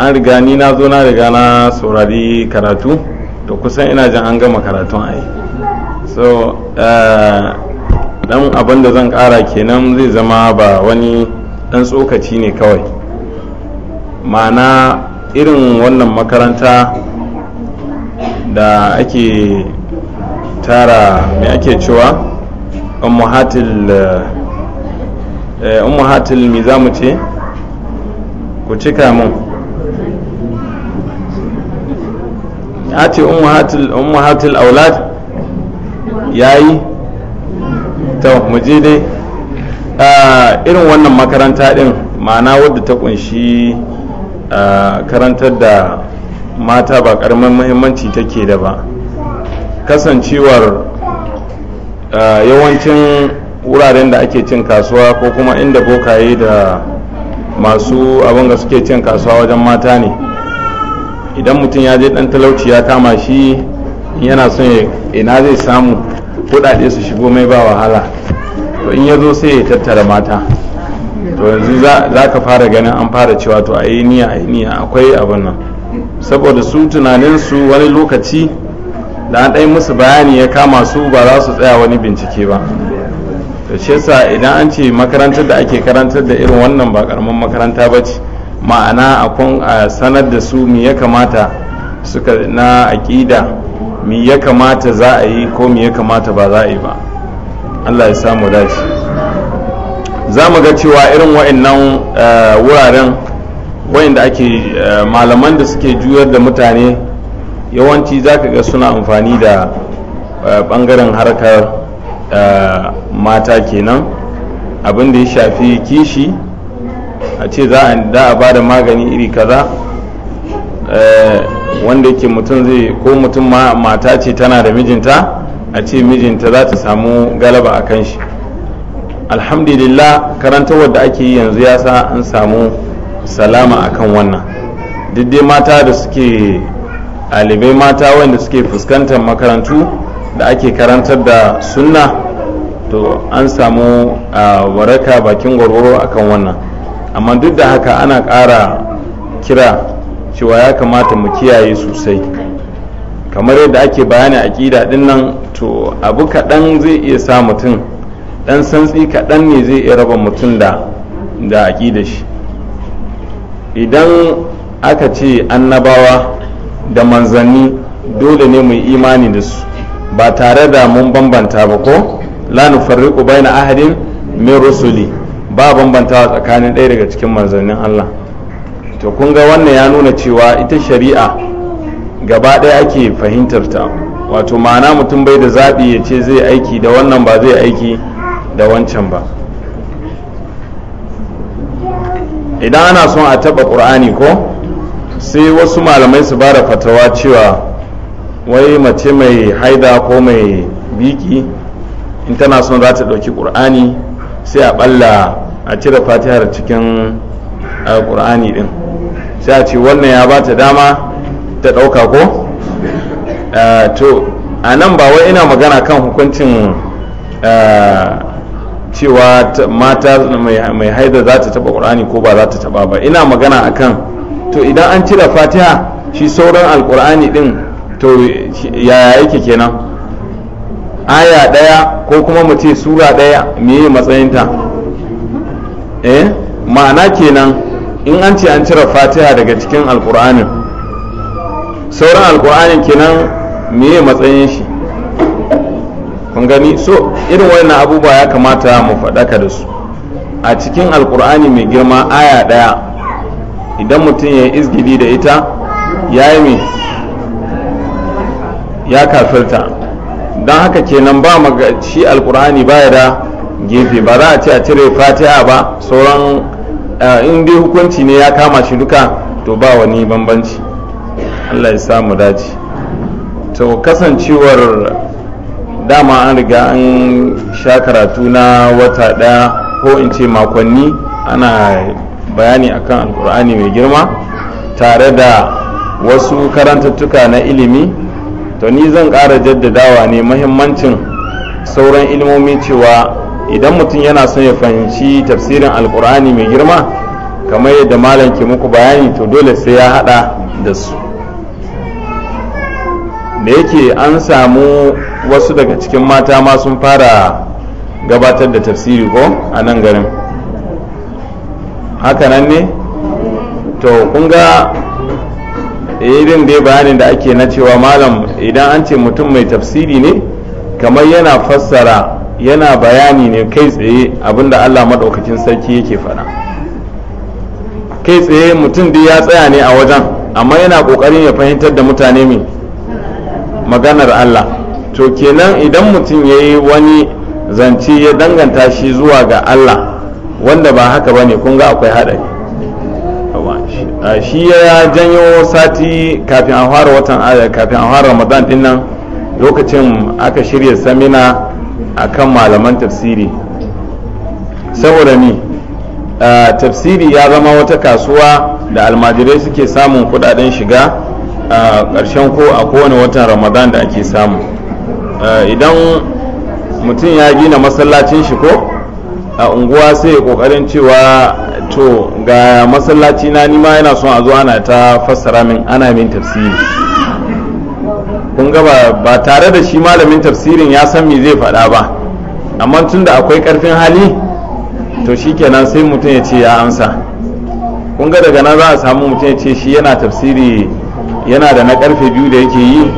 an riga ni na zo na riga na saurari karatu to kusan ina jin an gama karatun yi so eh, dan abin da zan kara kenan zai zama ba wani dan tsokaci ne kawai ma'ana irin wannan makaranta da ake tara mai ake cewa ummahatil eh, mizamu ce ku cika mun ya ce umuhatul aulad yayi ta muje dai ah, irin wannan makaranta din ma'ana wadda ta kunshi ah, karantar da mata ba karamin muhimmanci take da ba kasancewar ah, yawancin wuraren da ake cin kasuwa ko kuma inda bokaye da masu abin da suke cin kasuwa wajen mata ne idan mutum ya je dan talauci ya kama shi yana son ya ina zai samu kudade su shigo mai ba wahala to in ya zo sai ya tattara mata to yanzu za ka fara ganin an fara cewa to a yi niya a yi niya akwai abin nan saboda su su wani lokaci da an ɗai musu bayani ya kama su ba za su tsaya wani bincike ba to shi idan an ce makarantar da ake karantar da irin wannan ba karamin makaranta ba ce ma'ana a sanar da su mi ya kamata suka na aƙida mi ya kamata za a yi ko mi ya kamata ba za a yi ba allah ya samu dace za mu ga cewa irin wa'annan eh, wuraren da ake eh, malaman da suke juyar da mutane yawanci za ka ga suna amfani da bangaren eh, harkar mata kenan abin da ya shafi kishi a ce za a ba da magani iri kaza eh, wanda yake mutum zai ko mutum ma mata ce tana da mijinta a ce mijinta za ta samu galaba a kan shi alhamdulillah karantar wadda ake yi yanzu ya sa an samu salama a kan wannan duk dai mata da suke ɗalibai mata wanda suke fuskantar makarantu da ake karantar da sunna to an samu ah, waraka bakin gwargwaro kan wannan amma duk da haka ana ƙara kira cewa ya kamata mu kiyaye sosai kamar yadda ake bayani a ƙida ɗin nan to abu kaɗan zai iya sa mutum ɗan santsi kaɗan ne zai iya raba mutum da da ƙida shi idan aka ce annabawa da manzanni dole ne mu imani da su ba tare da mun bambanta ba ko la nufarriqu baina ahadin min rusuli ba bambantawa tsakanin ɗaya daga cikin manzannin Allah to kun ga wannan ya nuna cewa ita shari'a gaba ɗaya ake fahimtar ta wato ma'ana mutum bai da zaɓi ya ce zai aiki da wannan ba zai aiki da wancan ba idan ana son a taɓa ƙur'ani ko sai wasu malamai su ba da fatawa cewa wai mace mai haida ko mai biki in tana son za ta ɗauki ƙur'ani sai a balla a cire fatihar cikin alkur'ani din sai a ce wannan ya bata dama ta ɗauka ko eh, to a nan ba wai ina magana kan hukuncin eh, cewa mata mai haida za ta taba ƙur'ani ko ba za ta taba ba ina magana akan to idan an cire fatiha shi sauran alkur'ani din to yaya yake kenan aya ɗaya ko kuma mu ce sura ɗaya meye matsayinta eh ma'ana kenan in an ce an cire fatiha daga cikin alkur'anin sauran alkur'anin kenan meye matsayin shi kun gani so irin wannan abubuwa ya kamata mu faɗaka da su a cikin alkur'ani mai girma aya ɗaya idan mutum ya yi da ita ya yi ya kafirta don haka kenan ba maga shi alkur'ani baya da gefe ba za a ce a cire fatiha ba sauran eh, in dai hukunci ne ya kama shi duka to ba wani bambanci allah ya samu dace to kasancewar dama an riga an sha karatu na wata daya ko in ce makonni ana bayani akan alkur'ani mai girma tare da wasu karantattuka na ilimi to ni zan ƙara jaddadawa ne mahimmancin sauran ilmomi cewa idan mutum yana son ya fahimci tafsirin alkur'ani mai girma kamar yadda malam ke muku bayani to dole sai ya haɗa da su da yake an samu wasu daga cikin mata ma sun fara gabatar da tafsiri ko a nan garin hakanan ne to kun ga irin eh, dai bayanin da ake na cewa malam idan an ce mutum mai tafsiri ne kamar yana fassara yana bayani ne kai tsaye abinda allah maɗaukakin sarki yake faɗa kai tsaye mutum dai ya tsaya ne a wajen amma yana ƙoƙarin ya fahimtar da mutane mai maganar allah to kenan idan mutum ya yi wani zance ya danganta shi zuwa ga allah wanda ba haka ba ne kun ga akwai haɗari shi ya janyo sati kafin an fara watan kafin an fara ramadan din nan lokacin aka shirya samina kan malaman tafsiri saboda ni tafsiri ya zama wata kasuwa da almajirai suke samun kudaden shiga a ƙarshen ko a kowane watan ramadan da ake samu idan mutum ya gina masallacin shi ko a unguwa sai kokarin cewa to ga masallaci na nima yana son a zo ana ta fassara min ana min tafsiri kun gaba ba tare da shi malamin tafsirin ya san me zai faɗa ba amma tun da akwai ƙarfin hali to shikenan sai mutum ya ce ya amsa kun ga daga nan za a samu mutum ya ce shi yana tafsiri yana da na karfe biyu da yake yi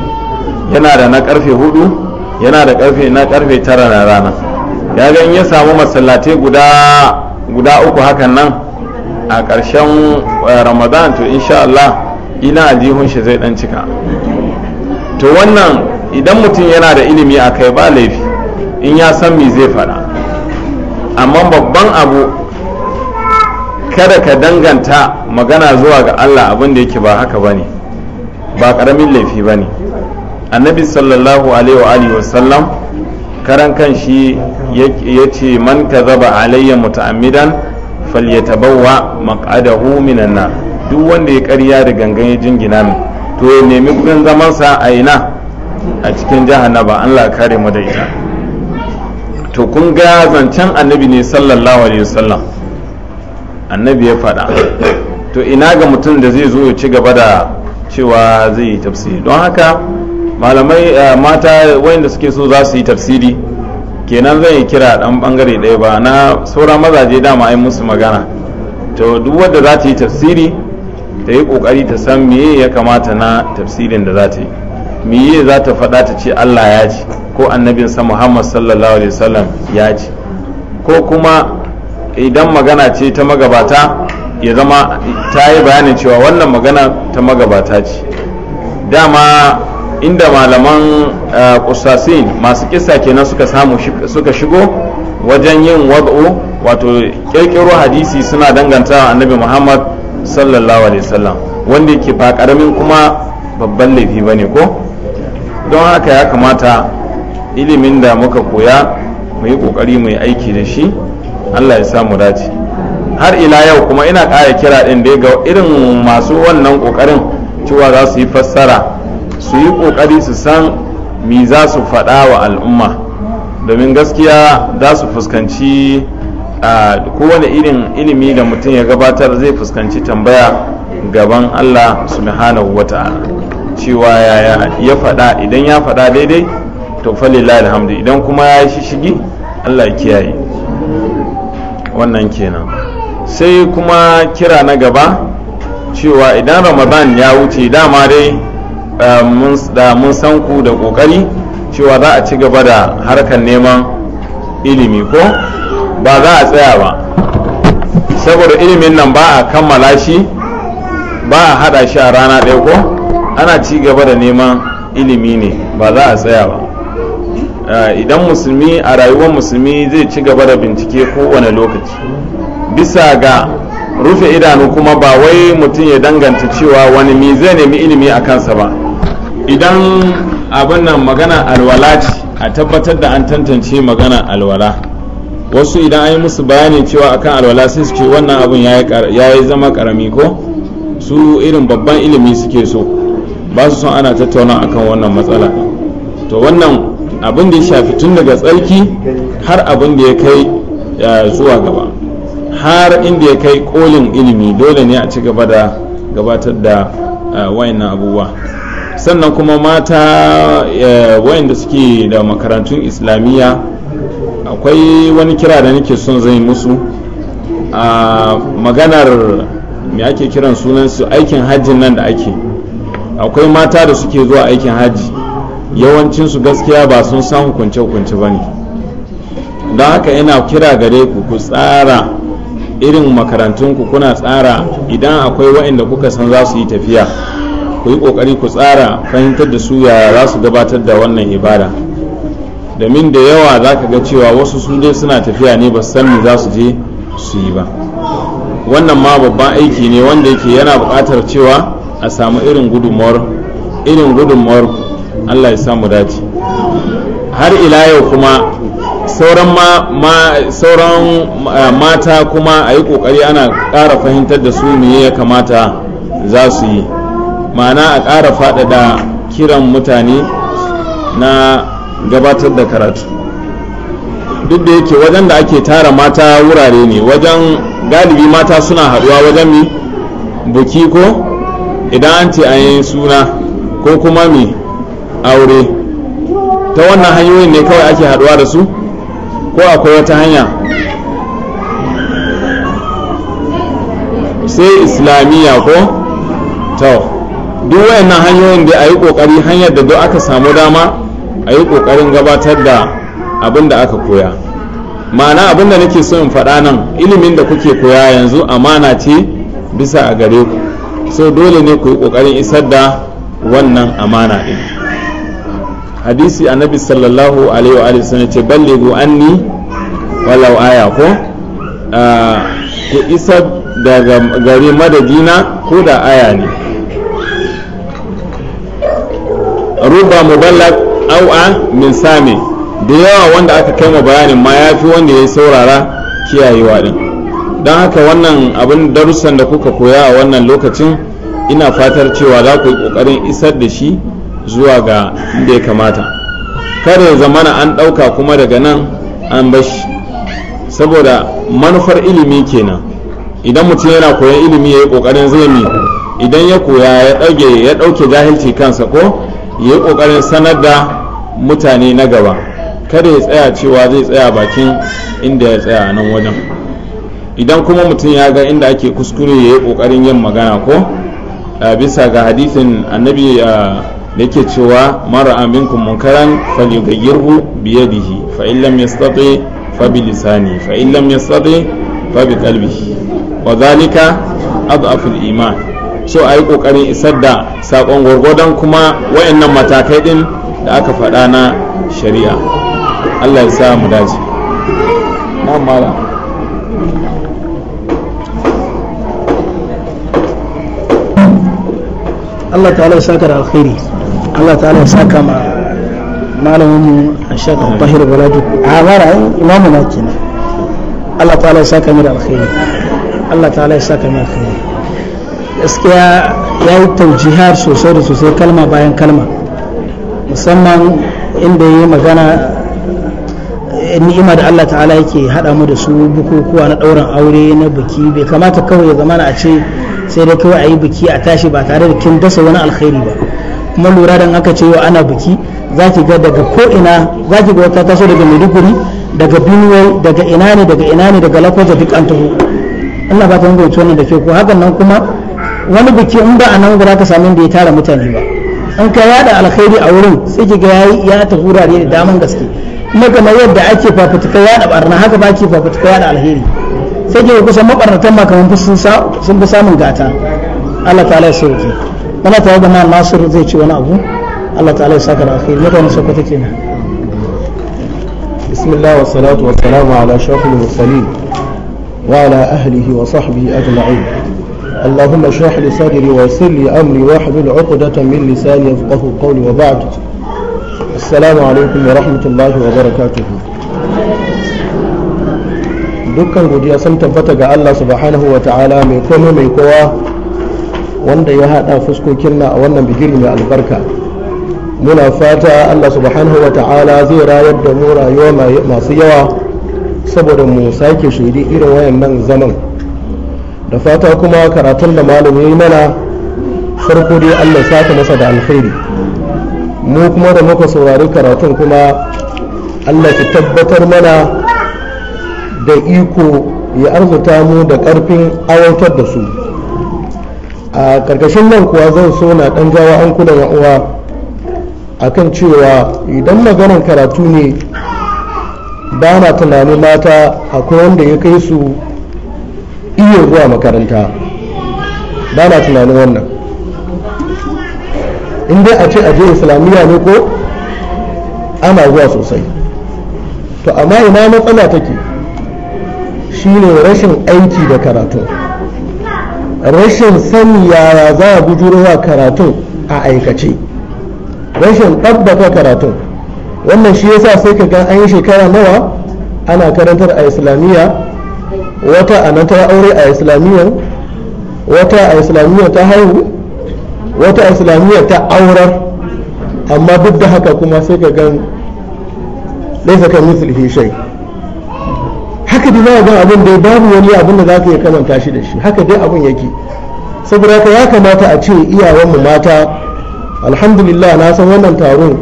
yana da na karfe hudu yana da karfe na karfe tara na rana ya ga in ya samu masallatai guda uku hakan nan a ƙarshen eh, ramadan to insha Allah ina ajihun shi zai dan cika to wannan idan mutum yana da ilimi a kai ba laifi in ya san me zai fada amma babban abu kada ka danganta magana zuwa ga Allah abin da yake ba haka ba ne ba ƙaramin laifi ba ne annabi sallallahu alaihi wa sallam karan kan shi ya ce man ka zaba alayya muta'ammidan falyatabawa maq'adahu minan nar duk wanda ya karya da gangan ya jingina min to ya nemi gurin zamansa a ina a cikin jahannaba Allah kare mu da ita to kun ga zancen annabi ne sallallahu alaihi wasallam annabi ya faɗa to ina ga mutum da zai zo ya ci gaba da cewa zai yi tafsiri don haka malamai eh, mata wayanda suke so za su yi tafsiri kenan zan yi kira dan bangare ɗaya ba na sauran mazaje dama ai musu magana to duk wadda za ta yi tafsiri ta yi kokari ta san meye ya kamata na tafsirin da za ta yi meye za ta faɗa ta ce Allah ya ji ko annabinsa Muhammad sallallahu alaihi wasallam ya ji ko kuma idan magana ce ta magabata ya zama ta yi bayanin cewa wannan magana ta magabata ce dama inda malaman kusasin eh, masu kisa kenan suka samu suka shigo wajen yin wad'u wato kirkiro hadisi suna danganta annabi muhammad sallallahu alaihi wasallam wanda ke ba karamin kuma babban laifi ba ne ko don haka ya kamata ilimin da muka koya mu yi kokari mu yi aiki da shi allah ya samu dace har ila yau kuma ina ƙara kira ɗin da ga irin masu wannan ƙoƙarin cewa za su yi fassara su yi ƙoƙari su san mi za su faɗa wa al'umma domin gaskiya za su fuskanci kowane irin ilimi da mutum ya gabatar zai fuskanci tambaya gaban allah su wa cewa ya faɗa idan ya faɗa daidai to falila alhamdu idan kuma ya shi shishigi allah kiyaye wannan kenan sai kuma kira na gaba cewa idan ramadan ya wuce dama dai da mun san ku da kokari cewa za a ci gaba da harkar neman ilimi ko ba za a tsaya ba saboda ilimin nan ba a kammala shi ba a hada shi a rana ɗaya ko ana ci gaba da neman ilimi ne ba za a tsaya ba idan musulmi a rayuwar musulmi zai ci gaba da bincike kowane lokaci bisa ga rufe idanu kuma ba wai mutum ya danganta cewa wani mi zai nemi ilimi a kansa ba idan abin nan magana alwala ce a tabbatar da an tantance magana alwala wasu idan an yi musu bayani cewa akan alwala sai su ce wannan abin ya yi zama karami ko su irin babban ilimi suke so ba su son ana tattauna akan wannan matsala to wannan abin da ya shafi tun daga tsarki har abin da ya kai zuwa gaba har inda ya kai kolin ilimi dole ne a ci gaba da gabatar da eh, wayannan abubuwa sannan kuma mata wayanda suke da makarantun islamiyya akwai wani kira da nake son zai musu a maganar me ake kiran sunan su? aikin hajji nan da ake akwai mata da suke zuwa aikin hajji yawancinsu gaskiya ba sun san hukunce-hukunce ba ne don haka yana kira gare ku ku tsara irin makarantunku kuna tsara idan akwai wa'inda kuka san za su yi tafiya ku yi ƙoƙari ku tsara fahimtar da su yaya za su gabatar da wannan ibada domin da yawa za ka ga cewa wasu su dai suna tafiya ne ba su san me za su je su yi ba wannan ma babban aiki ne wanda yake yana buƙatar cewa a samu irin gudunmawar irin gudunmawar allah ya samu dace har ila yau kuma sauran eh, mata kuma a yi ƙoƙari ana ƙara fahimtar da su me ya kamata za su yi ma'ana a ƙara faɗaɗa kiran mutane na gabatar da karatu duk da yake wajen da ake tara mata wurare ne wajen galibi mata suna haɗuwa wajen mi buki ko idan an ce yi suna ko kuma mi aure ta wannan hanyoyin ne kawai ake haɗuwa da su ko akwai wata hanya sai islamiyya ko to duk wayannan hanyoyin da a yi ƙoƙari hanyar da duk aka samu dama a yi ƙoƙarin gabatar da abin da aka koya ma'ana abin da nake so in faɗa nan ilimin da kuke koya yanzu amana ce bisa a gare ku so dole ne ku yi ƙoƙarin isar da wannan amana ɗin hadisi annabi sallallahu alaihi wa sallam ce ballighu anni walau aya ko ah, ku isar daga gare madadina ko da aya ne ruba mu au an min sami da yawa wanda aka kai ma bayanin ma ya fi wanda ya saurara kiyayewa din don haka wannan abin darussan da kuka koya a wannan lokacin ina fatar cewa za ku yi ƙoƙarin isar da shi zuwa ga inda ya kamata kare zamana an ɗauka kuma daga nan an bashi saboda manufar ilimi kenan idan mutum yana koyan ilimi ya yi ƙoƙarin zai mi idan ya koya ya ɗauke jahilci kansa ko ya yi ƙoƙarin sanar da mutane na gaba kada ya tsaya cewa zai tsaya bakin inda ya tsaya nan wajen idan kuma mutum ya ga inda ake kuskure ya yi ƙoƙarin yin magana ko bisa ga hadisin annabi da ke cewa mara aminkum munkaran karan biyadihi fa in lam yastati fa lisani fa in lam yastati fa wa zalika abu iman so a yi ƙoƙarin isar da sakon gwargwadon kuma wayannan matakai din da aka faɗa na shari'a allah ya sa mu dace Allah ta'ala ya saka da alkhairi Allah ta'ala ya saka ma malamin mu Sheikh Tahir Baladu a mara imamu na kenan Allah ta'ala ya saka mu da alkhairi Allah ta'ala ya saka mu da alkhairi gaskiya ya yi taujihar sosai da sosai kalma bayan kalma musamman inda ya yi magana eh, ni'ima da Allah ta'ala yake haɗa mu da su bukukuwa na ɗaurin aure na biki bai kamata kawai ya zamana a ce sai dai kawai a yi biki a tashi ba tare da kin dasa wani alkhairi ba kuma lura da aka ce ana biki za ki ga daga ko'ina za ki ga wata taso daga maiduguri daga benue daga ina ne daga ina ne daga lakwaja duk an taho Allah ba ta mun wannan da ke ko hakan nan kuma wani biki in ba a nan guda ka sami da ya tara mutane ba an ka yada alkhairi a wurin sai ki ga yayi ya ta hurare da daman gaske kuma kamar yadda ake fafutuka yada barna haka ba ke fafutuka yada alkhairi sai ke kusan mabarnatan ma kamar sun fi samun gata Allah ta'ala ya sauke wani ta da nan nasiru zai ci wani abu Allah ta'ala ya saka da alheri mutane su kwata kenan بسم الله والصلاة والسلام على أشرف المرسلين وعلى أهله وصحبه أجمعين اللهم اشرح لي صدري ويسر لي امري واحلل عقدة من لساني يفقه قولي وبعد السلام عليكم ورحمة الله وبركاته dukkan godiya sun tabbata ga Allah subhanahu wa ta'ala mai komai mai kowa wanda ya haɗa fuskokin na a wannan bigiri mai albarka muna fata Allah subhanahu wa ta'ala zai rayar da mu rayuwa masu yawa saboda mu sake shaidi irin nan zaman da fata kuma karatun da malam ya yi mana farko dai allah sata masa da alkhairi mu kuma da muka saurari karatun kuma allah ki tabbatar mana da iko ya arzuta mu da karfin awantar da su a karkashin nan kuwa zan so na dan jawo an kudan uwa akan cewa idan maganar karatu ne ba na tunanin mata akwai wanda ya kai su iya zuwa makaranta ba na tunanin wannan in dai a ce aje islamiyya ne ko ana zuwa sosai to amma ina matsala take shine rashin aiki da karatu rashin sani yaya za a bujurowa karatun a aikace rashin ɗabbaka karatu, wannan shi yasa sai ka ga an yi shekara nawa ana karantar a islamiyya wata a nan ta aure a Islamiyya. wata a Islamiyya ta haihu wata a Islamiyya ta aurar amma duk da haka kuma sai ka gan laisa kan mislihi shay haka dai za ga abin da babu wani abin da za ka iya kamanta shi da shi haka dai abin yake saboda haka ya kamata a ce iyawanmu mata alhamdulillah na san wannan taron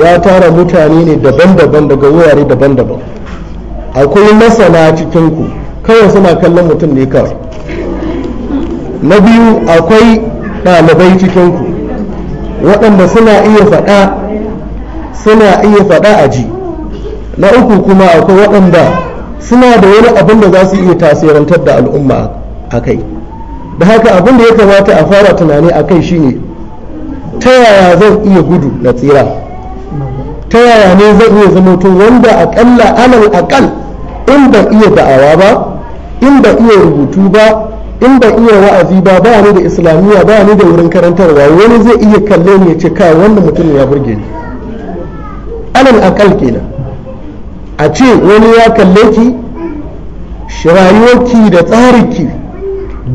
ya tara mutane ne daban-daban daga wurare daban-daban akwai masana cikinku kawai suna kallon mutum ne kawai na biyu akwai ɗalibai cikinku waɗanda suna iya faɗa suna iya faɗa a ji na uku kuma akwai waɗanda suna da wani abin da za su iya tasirantar da al'umma a kai da haka abin da ya kamata a fara tunani a kai shine ta yaya zan iya gudu na tsira ta yaya ne zan iya zamoto wanda akalla alal akal in ban iya da'awa ba in ba iya rubutu ba in ba iya wa'azi ba ba ni da islamiyya ba ni da wurin karantarwa wani zai iya kalle ne ya ce ka wannan mutum ya burge ni alal akal kenan a ce wani ya kalle ki shirayoki da tsariki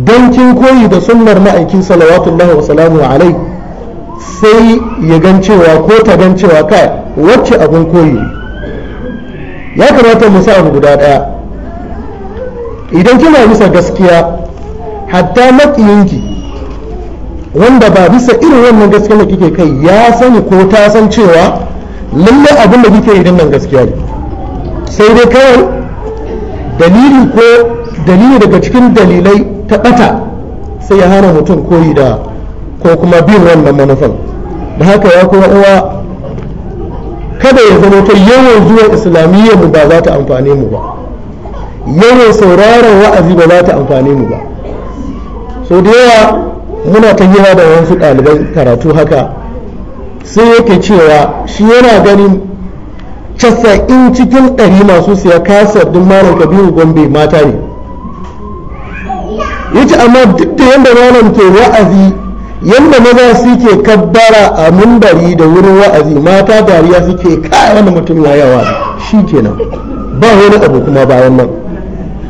don kin koyi da sunnar ma'aikin salawatullahi wa salamu alai sai ya gan cewa ko ta gan cewa kai wacce abin koyi ya kamata mu sa abu guda daya idan kina bisa gaskiya hatta makiyinki wanda ba bisa irin wannan gaskiya da kike kai ya sani ko ta san cewa lallai abin da kike idan nan gaskiya ne sai dai kawai dalili ko dalili daga cikin dalilai ta bata sai ya hana mutum koyi da ko kuma bin wannan manufan da haka ya kuma uwa kada ya zama ta yawan zuwa islamiyyar mu ba za ta amfane mu ba yawan sauraron wa'azi ba za ta amfane mu ba so da yawa muna ta hira da wasu ɗaliban karatu haka sai yake cewa shi yana ganin casa'in cikin ɗari masu siya kasa din malam kabiru gombe mata ne yace amma duk da yadda malam ke wa'azi yadda maza suke kabbara a mumbari da wurin wa'azi mata dariya suke kai wani mutum ya yawa shi kenan ba wani abu kuma bayan nan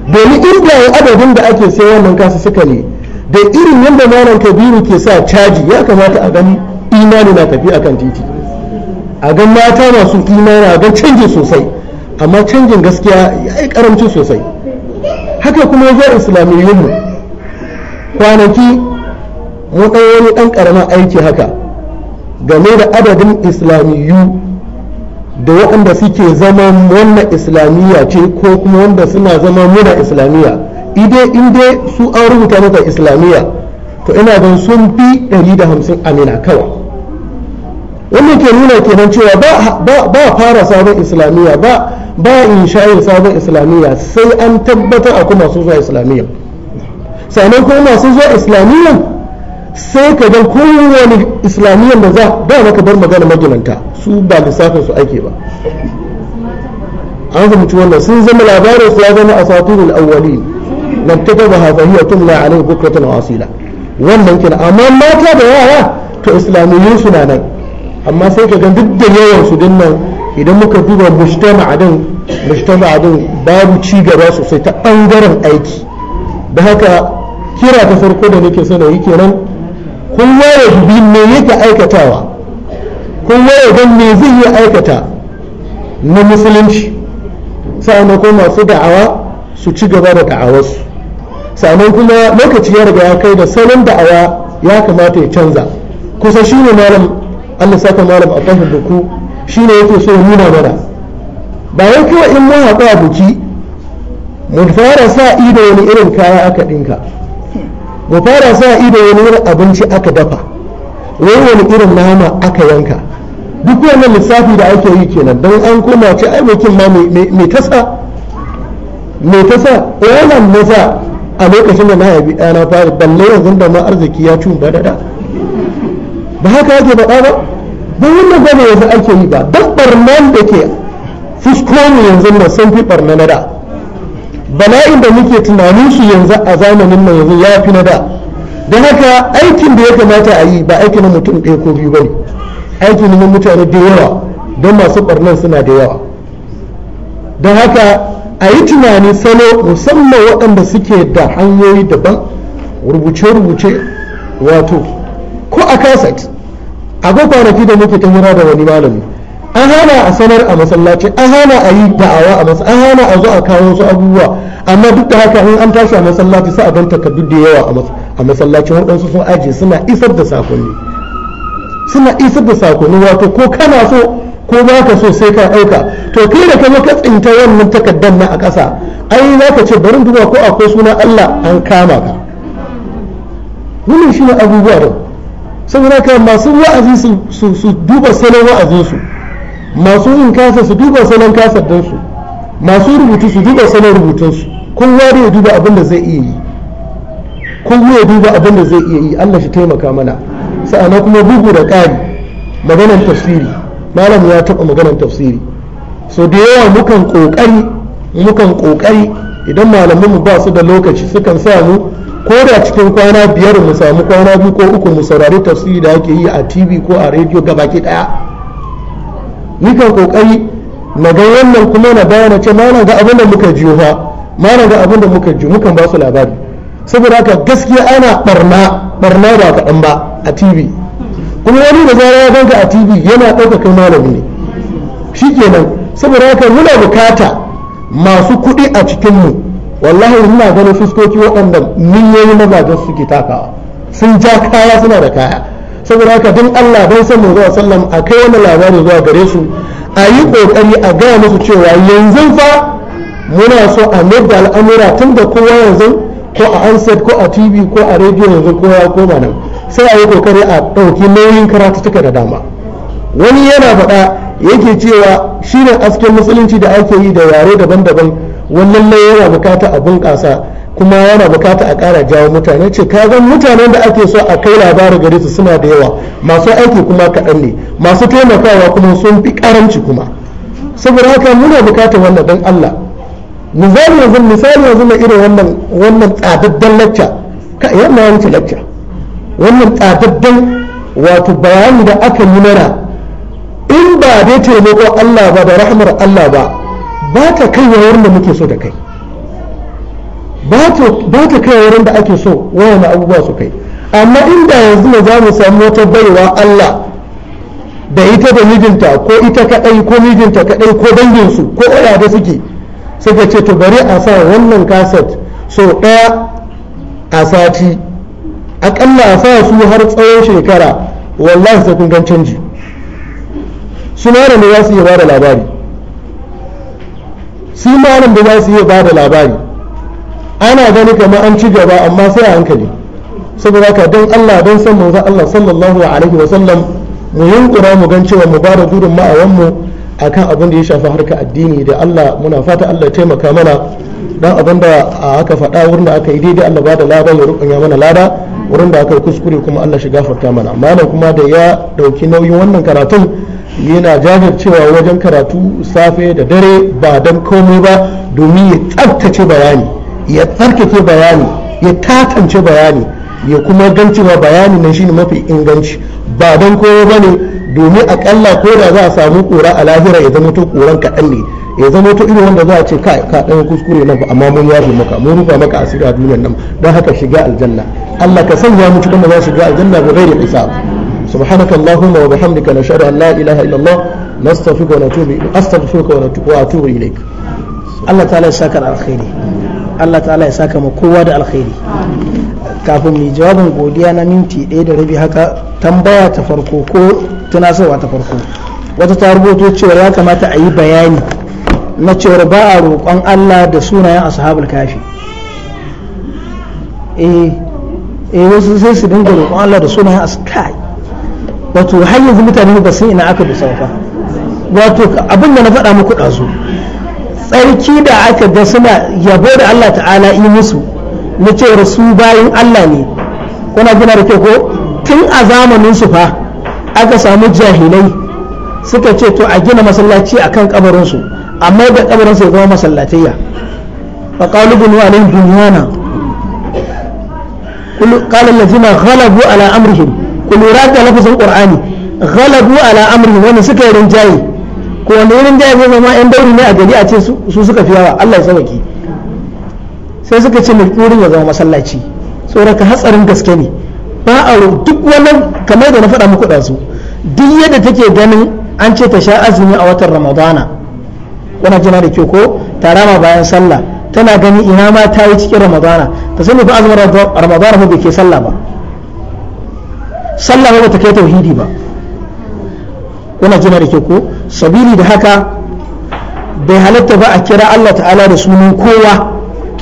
domin irgayen adadin da ake sai wannan kasu suka ne da irin yadda malam kabiru ke sa caji ya kamata a gan imani na tafi akan titi a gan mata masu imani a gan canji sosai amma canjin gaskiya ya yi karamci sosai haka kuma ya zo islamiyyunmu kwanaki mu wani ɗan ƙaramin aiki haka game da adadin islamiyyu da waɗanda suke zama wannan islamiyya ce ko kuma wanda suna zama muna islamiyya idai inda su an rubuta maka islamiyya to ina ban sun fi 150 amina kawa wannan ke nuna kenan cewa ba fara sabon islamiyya ba ba in sha'ir sabon islamiyya sai an tabbatar a kuma su zuwa islamiyya sannan kuma masu zuwa islamiyya sai ka ga kowane islamiyyar da za ba maka bar magana majalanta su ba lissafin su ake ba an fahimci wannan sun zama labarin su ya zama a satirin awwali na taka ba hafahiyar tun na alai bukratan wasila wannan kina amma mata da yara to islamiyyun su na nan amma sai ka ga duk da yawan su dinnan idan muka duba mujtama'a adin babu ci gaba sosai ta bangaren aiki da haka kira ta farko da nake so kenan kowa ya dubi me yake aikatawa kowa ya ga me zai yi aikata na musulunci sa'an ko masu da'awa su ci gaba da da'awarsu sannan kuma lokaci ya riga ya kai da salon da'awa ya kamata ya canza kusa shine malam allah saka malam a kafin duku shine yake so nuna mana ba wai kawai in mun haɗu a buki mu fara sa ido wani irin kaya aka ɗinka mu fara sa ido wani wani abinci aka dafa wani wani irin nama aka yanka duk wannan lissafi da ake yi kenan don an koma ce ai mutum ma mai tasa mai tasa wannan eh, nasa a lokacin da na haifi ɗana fara balle yanzu da ma arziki ya cun badada ba haka yake faɗa ba ba wannan gane yanzu ake yi ba don ɓarnan da ke fuskomi yanzu na sun fi barna da bala'in da muke tunanin shi yanzu a zamanin mai yanzu ya fi na da don haka aikin da ya kamata a yi ba aikin na mutum ɗaya ko biyu ba ne aikin na mutane da yawa don masu ɓarnan suna da yawa don haka a yi tunani salo musamman waɗanda suke da hanyoyi daban rubuce-rubuce wato ko a kaset akwai kwanaki da muke ta hira da wani malami an hana a sanar a masallaci an hana a yi da'awa a masallaci. an hana a zo a kawo wasu abubuwa amma duk da haka in an tashi a masallaci sai a don takardu da yawa a masallaci waɗansu sun aje suna isar da sakonni suna isar da sakonni wato ko kana so ko ba ka so sai ka ɗauka to kai da kai ka tsinta wannan takardar na a ƙasa ai za ka ce barin duba ko akwai suna Allah an kama ka wannan shi ne abubuwa da saboda ka masu wa'azi su duba salon wa'azinsu su masu yin kasa su duba salon kasar don su masu rubutu su duba salon rubutun su kowa ya duba abin da zai iya yi kowa ya duba abin da zai iya yi Allah shi taimaka mana sa'ana kuma bugu da ƙari maganar tafsiri malam ya taɓa maganar tafsiri so da yawa mukan ƙoƙari mukan ƙoƙari idan mu ba su da lokaci sukan mu ko da cikin kwana biyar mu samu kwana biyu ko uku mu saurari tafsiri da ake yi a tv ko a rediyo gabaki ɗaya nikan kokari na ga wannan kuma na bayana ce na ga abin da muka jiyo fa na ga abin da muka jiyo mukan ba su labari saboda haka gaskiya ana barna barna ba kaɗan ba a tv kuma wani da zara ya ganka a tv yana ɗauka malami ne shi kenan saboda haka muna bukata masu kuɗi a cikin mu wallahi muna ganin fuskoki waɗanda miliyoyin mazajen suke takawa sun ja kaya suna da kaya saboda haka Allah ban san manzo sallallahu sallam wasallam a kai zuwa gare su a yi kokari a gaya musu cewa yanzu fa muna so a mayar al'amura tun da kowa yanzu ko a anset ko a tv ko a rediyo yanzu ko ya koma nan sai a yi kokari a ɗauki nauyin karatuttuka da dama wani yana faɗa yake cewa shi ne asken musulunci da ake yi da yare daban-daban wannan yana bukata a bunƙasa kuma yana bukata a ƙara jawo mutane ce ka mutanen da ake so a kai labari gare su suna da yawa masu aiki kuma kaɗan ne masu taimakawa kuma sun fi ƙaranci kuma saboda haka muna bukatar wannan dan Allah misali yanzu misali yanzu na irin wannan wannan tsadaddan lacca yamma ya wuce lacca wannan tsadaddan wato bayani da aka yi mana in ba dai taimako Allah ba da rahmar Allah ba ba ta kai yawar da muke so da kai ba ta kai wurin da ake so wani abubuwa su kai amma inda yanzu ne za mu samu wata baiwa Allah da ita da mijinta ko ita kadai ko mijinta kaɗai, ko danginsu ko da suke suka ce to bari a sa wannan kaset so ɗaya a sati akalla a sa su har tsawon shekara wallahi sai kun canji suna da za su iya ba da labari su malam da za su iya ba da labari ana gani kamar an ci gaba amma sai a hankali saboda haka don Allah don san manzon Allah sallallahu alaihi wa sallam mu yunkura mu gan cewa mu ba da gudun ma'awan mu akan abin da ya shafi harka addini da Allah muna fata Allah taimaka mana dan abin da aka faɗa wurin da aka yi daidai Allah bada da lada ya rukanya mana lada wurin da aka yi kuskure kuma Allah shi gafarta mana malam kuma da ya dauki nauyin wannan karatun yana jajircewa wajen karatu safe da dare ba dan komai ba domin ya tsaftace bayani ya tsarkake bayani ya tatance bayani ya kuma gan cewa bayani shi ne mafi inganci ba don kowa ba ne domin akalla ko da za a samu kura a lahira ya zama to kuran kaɗan ne ya zama to irin wanda za a ce ka ka kuskure nan amma mun yafe maka mun rufa maka asiri a duniyar nan don haka shiga aljanna Allah ka sanya mu cikin za su shiga aljanna bi ghairi hisab سبحانك اللهم وبحمدك نشهد ان لا اله الا الله نستغفرك ونتوب استغفرك ونتوب اليك الله تعالى شاكر على خيره Allah ta'ala ya saka mu kowa da alkhairi kafin mai jawabin godiya na minti ɗaya da rabi haka tambaya ta farko ko tunasarwa ta farko wata ta rubuto cewa ya kamata a yi bayani na cewar ba a roƙon Allah da sunayen ashabul kafi eh eh wasu sai su dinga roƙon Allah da sunayen askai wato har yanzu mutane ba sai ina aka dusa ba wato abin da na faɗa muku ɗazu tsarki da aka ga suna yabo da Allah ta'ala yi musu na cewar su bayan Allah ne kuna gina da ko tun a zamanin su fa aka samu jahilai suka ce to a gina masallaci a kan kabarinsu amma da kabarinsu ya zama masallatayya fa qalu bin wa alayhi dunyana kullu qala allazina ghalabu ala amrihim kullu raka lafzul qur'ani ghalabu ala amrihim wani suka yi rinjaye ko wanda wurin da zai zama yan dauri ne a gari a ce su suka fi yawa Allah ya sauke sai suka ce mai wurin ya zama masallaci ka hatsarin gaske ne ba a duk wannan kamar da na faɗa muku ɗansu duk yadda take ganin an ce ta sha azumi a watan ramadana wana jina da kyau ko tarama bayan sallah tana gani ina ma ta yi cikin ramadana ta sani ba azumin ramadana ba ke sallah ba sallah ba ta kai tauhidi ba wana jina da kyau ko sabili da haka bai halatta ba a kira Allah ta'ala da sunan kowa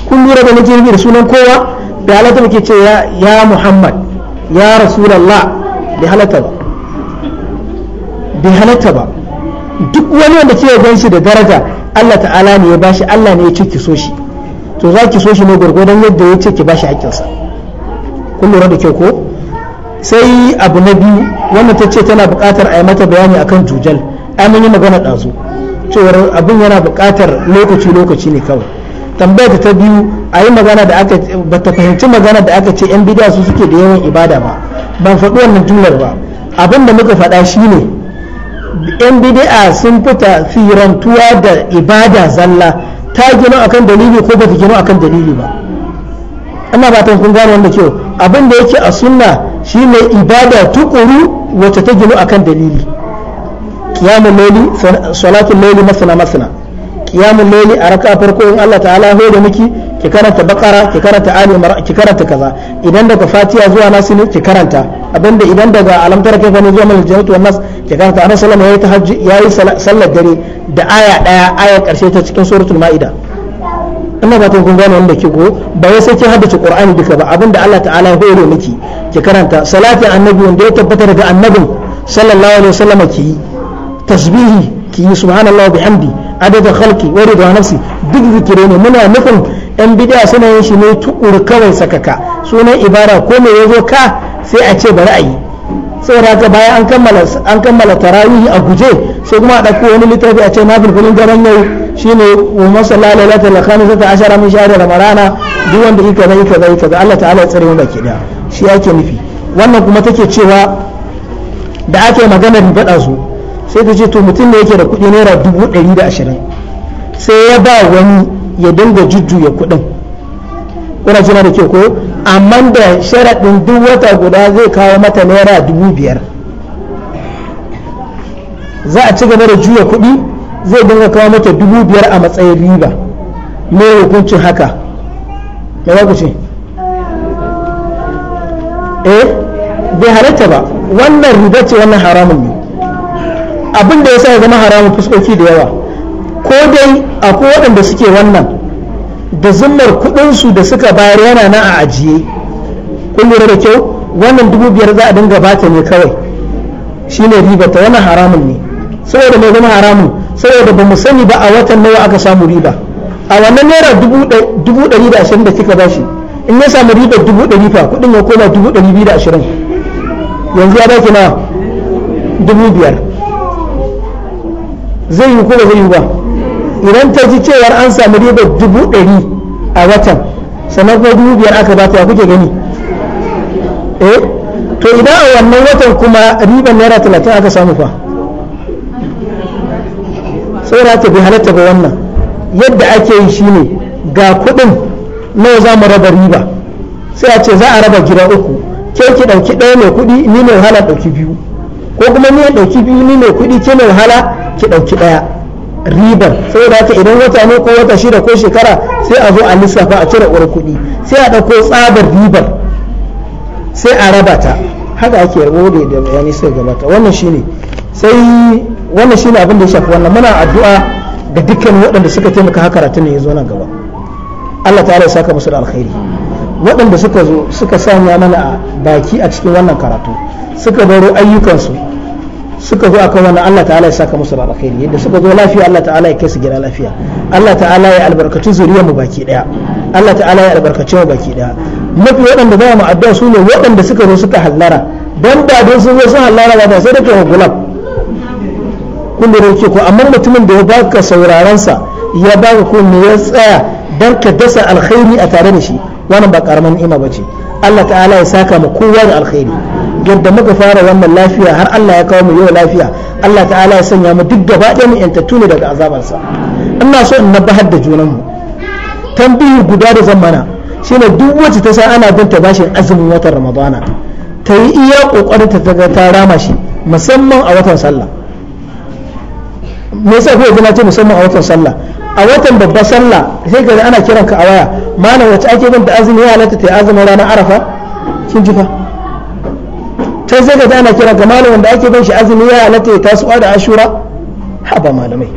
kun lura da nake nufi da sunan kowa bai halatta ba ke ce ya Muhammad ya Rasulullah bai halatta ba bai halatta ba duk wani wanda ke gan shi da daraja Allah ta'ala ne ya bashi Allah ne ya ce ki so shi to za ki so shi ne gwargwadon yadda ya ce ki bashi haƙƙinsa kun lura da kyau ko sai abu na biyu wannan ta ce tana buƙatar a yi mata bayani akan jujal an yi magana ɗazu cewar abin yana buƙatar lokaci lokaci ne kawai tambayar ta biyu a yi magana da aka ba ta fahimci magana da aka ce yan bidiya su suke da yawan ibada ba ban faɗi wannan jumlar ba abin da muka faɗa shi ne, yan bidiya sun fita firantuwa da ibada zalla ta gino akan dalili ko bata gino akan dalili ba ina ba ta kun gane wanda kyau abin da yake a sunna shine ibada tukuru wacce ta gino akan dalili qiyamul layli salatul layli masana masana qiyamul layli a raka farko in Allah ta'ala ho da miki ki karanta bakara ki karanta ali imran ki karanta kaza idan daga fatiha zuwa nasu ne ki karanta abinda idan daga alamtar kai zuwa mal jannatu wan karanta annabi sallallahu alaihi wasallam yayi sallar dare da aya daya aya karshe ta cikin suratul maida ina ba ta kun gane ko ba ya sai ki haddace qur'ani duka ba abinda Allah ta'ala ya hore miki ki karanta salatin annabi wanda ya tabbatar da annabin sallallahu alaihi wasallam ki yi tasbihi ki yi subhanallah bihamdi adadin khalqi wa ridwa nafsi duk zikire ne muna nufin yan bid'a suna yin shi ne tukur kawai sakaka sunan ibada ko me yazo ka sai a ce bari ayi. Sai saboda haka bayan an kammala an kammala tarawih a guje sai kuma a dauko wani littafi a ce na bulbulin gaban yau shine wa masalla lailatul khamisata ashara min shahri ramadana duk wanda yake zai kaza yake kaza Allah ta'ala ya tsare mu baki da shi yake nufi wannan kuma take cewa da ake maganar faɗa su sai ta ce to mutum ne yake da kuɗi naira dubu ɗari da ashirin sai ya ba wani ya dinga jujjuya kuɗin kuna jina da ke ko amma da sharaɗin duk wata guda zai kawo mata naira dubu biyar za a ci gaba da juya kuɗi zai dinga kawo mata dubu biyar a matsayin riba me hukuncin haka Ya za ku ce eh bai halatta ba wannan riba ce wannan haramun ne abin da ya sa ya zama haramun fuskoki da yawa ko dai akwai waɗanda suke wannan da zimmar kuɗinsu da suka bayar yana na a ajiye kun lura da kyau wannan dubu biyar za a dinga bata ne kawai shi ne ta wannan haramun ne saboda mai zama haramun saboda ba mu sani ba a watan nawa aka samu riba a wannan naira dubu ɗari da ashirin da kika ba shi, in ya samu ribar dubu ɗari fa kuɗin ya koma dubu ɗari biyu da ashirin yanzu ya dace na dubu biyar zai yi kuma zai yi ba idan ta ji cewar an samu riba dubu ɗari a watan sannan kuma dubu biyar aka bata ya kuke gani eh to idan a wannan watan kuma ribar naira talatin aka samu fa saboda ta bi halatta ba wannan yadda ake yi shi ne ga kuɗin nawa za mu raba riba sai a ce za a raba gida uku ke ki ɗauki ɗaya mai kuɗi ni mai wahala ɗauki biyu ko kuma ni ɗauki biyu ni mai kuɗi ke mai wahala ki ɗauki ɗaya ribar saboda haka idan wata ne ko wata shida ko shekara sai a zo a lissafa a cire uwar kuɗi sai a ɗauko tsabar ribar sai a raba ta haka ake yarbo da da bayani sai gabata wannan shine sai wannan shine abin da ya shafi wannan muna addu'a da dukkan waɗanda suka taimaka haka karatun ne ya zo nan gaba Allah ta'ala ya saka musu da alkhairi waɗanda suka zo suka sanya mana baki a cikin wannan karatu suka baro ayyukansu suka zo akan wannan Allah ta'ala ya saka musu da alkhairi yadda suka zo lafiya Allah ta'ala ya kai su gida lafiya Allah ta'ala ya albarkaci zuriyar mu baki daya Allah ta'ala ya albarkaci mu baki daya mafi waɗanda ba mu su ne waɗanda suka zo suka hallara dan ba don sun zo sun hallara ba da sai da kai gulab kun da yake ko amma mutumin da ya baka sauraron sa ya baka kunne ya tsaya dan ka dasa alkhairi a tare da shi wannan ba karaman ni'ima bace Allah ta'ala ya saka mu kowa da alkhairi yadda muka fara wannan lafiya har Allah ya kawo mu yau lafiya Allah ta'ala ya sanya mu duk gaba ɗaya mu yanta ne daga azabarsa ina so in nabahar da junanmu tambihi guda da zan mana shine duk wacce ta san ana bin ta bashin azumin watan ramadana ta yi iya kokarin ta daga ta rama shi musamman a watan sallah me yasa kuka gina ce musamman a watan sallah a watan babbar sallah sai ga ana kiranka a waya malam wacce ake bin da azumi ya halatta ta yi azumin ranar arafa kin ji fa kai sai ka ji ana kira ga malamin da ake bin shi azumi ya halatta ya tasowa da ashura haba malamai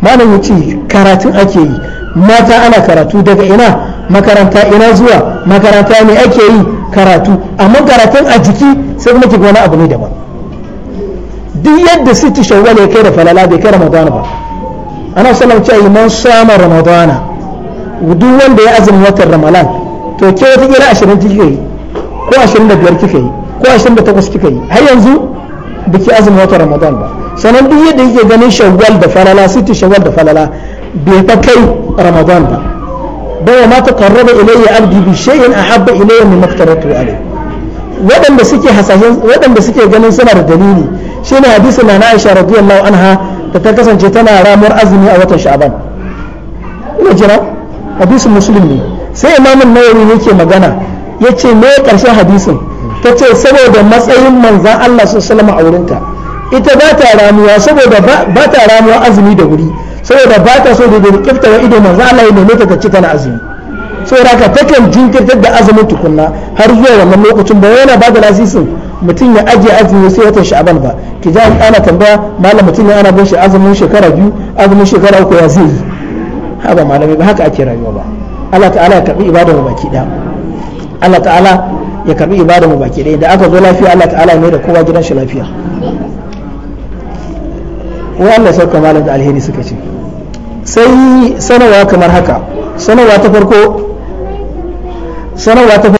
malam ya ce karatun ake yi mata ana karatu daga ina makaranta ina zuwa makaranta ne ake yi karatu amma karatun a jiki sai kuma kiga wani abu ne daban duk yadda siti shawwal ya kai da falala bai kai ramadana ba ana sallam ce man sama ramadana duk wanda ya azumi watan ramadan to ke wata kira 20 kika yi ko 25 kika yi ko 28 kika yi har yanzu biki azumin watan ramadan ba sanan duk yadda yake ganin shawwal da falala siti shawwal da falala bai ta kai ramadan ba bawa ma taqarraba ilayya abdi bi shay'in ahabba ilayya mimma aftaratu alayhi waɗanda suke hasashen waɗanda suke ganin suna da dalili shine hadisin na Aisha radiyallahu anha da ta kasance tana ramar azumi a watan Sha'ban ina jira hadisin muslim ne sai imamin nawawi yake magana yace me karshen hadisin ta ce saboda matsayin manzan Allah su salama a wurinta ita ba ta ramuwa saboda ba ta ramuwa azumi da wuri saboda ba ta so da da kifta wa ido manzan Allah ya nemi ta ci tana azumi saboda haka takan jinkirtar da azumin tukunna har zuwa wannan lokacin ba yana ba da lasisin mutum ya ajiye azumi sai watan sha'aban ba ki ja ana tambaya malam mutum ya ana bin shi azumin shekara biyu azumin shekara uku ya zai yi haba malami ba haka ake rayuwa ba Allah ta'ala ya karbi ibadar baki daya Allah ta'ala ya karbi ibada mu baki ɗaya da aka zo lafiya Allah ta'ala mai da kowa gidan shi lafiya wa Allah sauka malam da alheri suka ce sai sanarwa kamar haka sanarwa ta farko sanarwa ta